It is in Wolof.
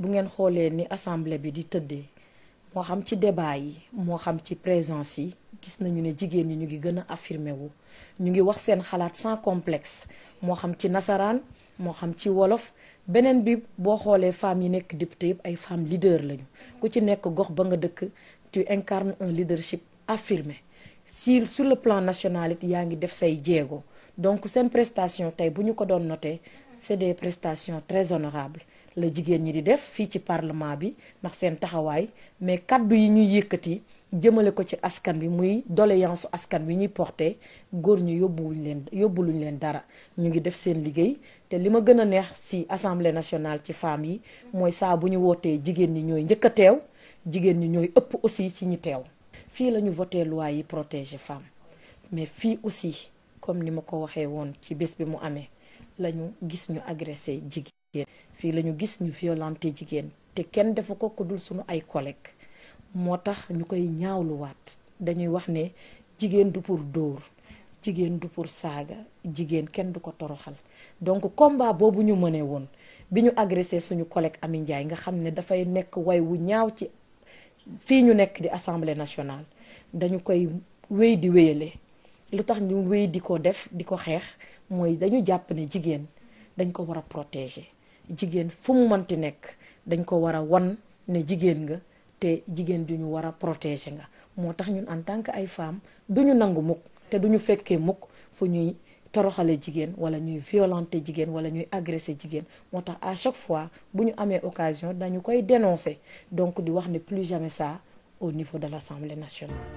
bu ngeen xoolee ni assemblée bi di tëddee moo xam ci débat yi moo xam ci présence yi gis nañu ne jigéen ñi ñu ngi gën a affirmé wu ñu ngi wax seen xalaat sans complexe moo xam ci nasaraan moo xam ci wolof beneen bi boo xoolee femmes yi nekk député yëpp ay femmes leaders lañu ku ci nekk gox ba nga dëkk tu incarnes un leadership affirmé si sur le plan national it yaa ngi def say jéego donc seen prestation tey bu ñu ko doon noté c'est des prestations très honorables la jigéen ñi di def fii ci parlement bi ndax seen taxawaay mais kaddu yi ñuy yëkkati jëmale ko ci askan bi muy doléance askan bi ñuy porté góor ñu yóbbuwuñ leen yóbbuluñ leen dara ñu ngi def seen liggéey te li ma gën a neex si assemblée nationale ci femmes yi mooy saa bu ñu wootee jigéen ñi ñooy njëkk a teew jigéen ñi ñooy ëpp aussi si ñi teew fii la ñu voté loi yi protéger femme mais fii aussi comme ni ma ko waxee woon ci bés bi mu amee la ñu gis ñu agressé jigéen fii la ñu gis ñu violenté jigéen te kenn defu ko ku dul suñu ay collègues moo tax ñu koy ñaawluwaat dañuy wax ne jigéen du pour dóor jigéen du pour saaga jigéen kenn du ko toroxal donc combat boobu ñu mënee woon bi ñu agressé suñu collègue Ami Ndiaye nga xam ne dafay nekk way wu ñaaw ci fii ñu nekk di assemblée nationale dañu koy wéy di wéyale lu tax ñu wéy di ko def di ko xeex mooy dañu jàpp ne jigéen dañ ko war a protéger jigéen fu mu mënti nekk dañ ko war a wan ne jigéen nga te jigéen ju ñu war a protéger nga moo tax ñun en tant que ay femmes du ñu nangu mukk te du ñu fekkee mukk fu ñuy toroxale jigéen wala ñuy violenter jigéen wala ñuy agresser jigéen moo tax à chaque fois bu ñu amee occasion dañu koy dénoncer donc di wax ne plus jamais ça au niveau de l'Assemblée nationale